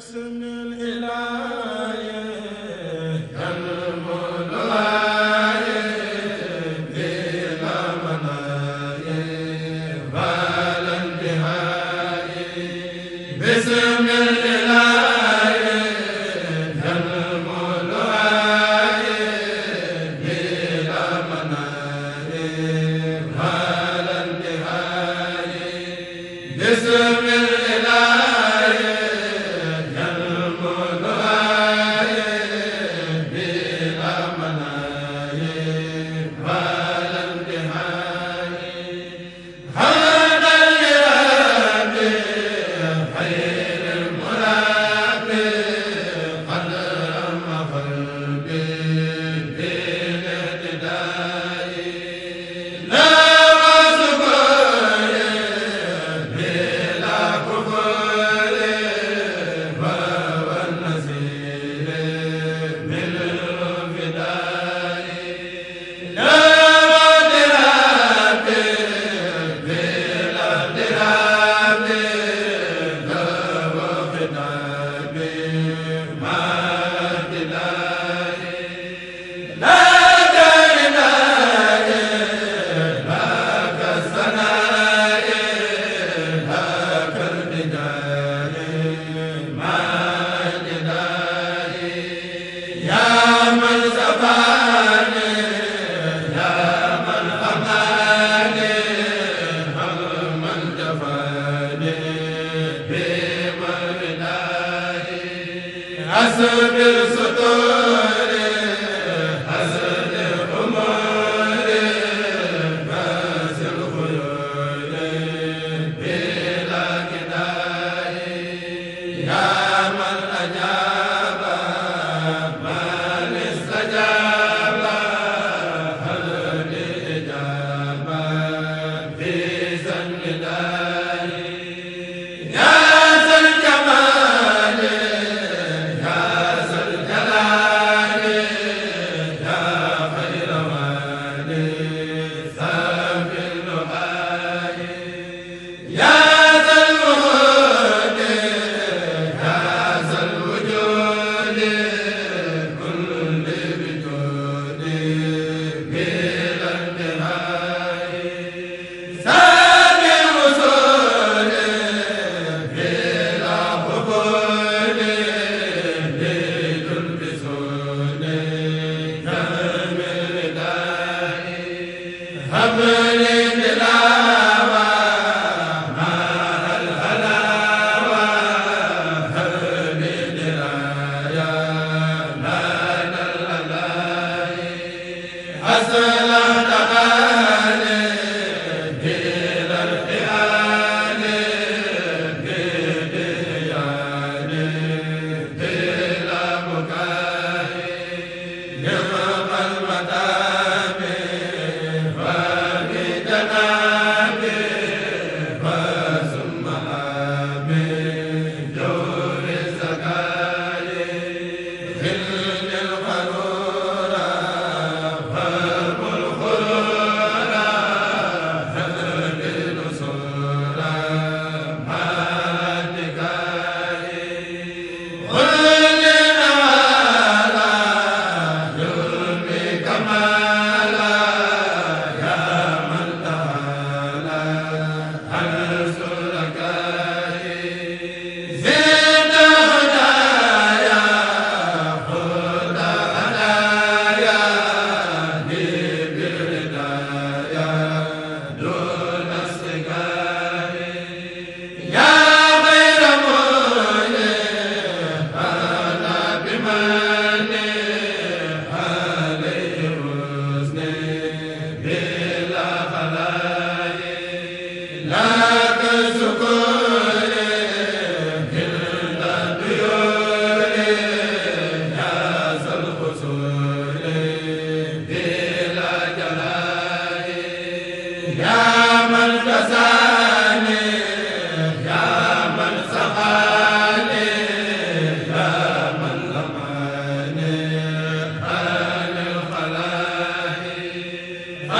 حسن الإله أستغفر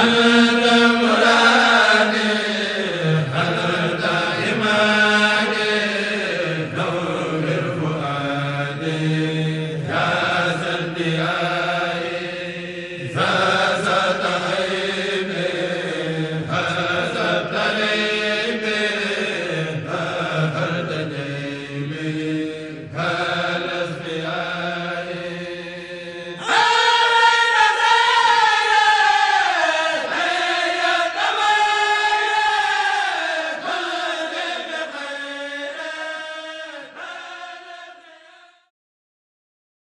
ala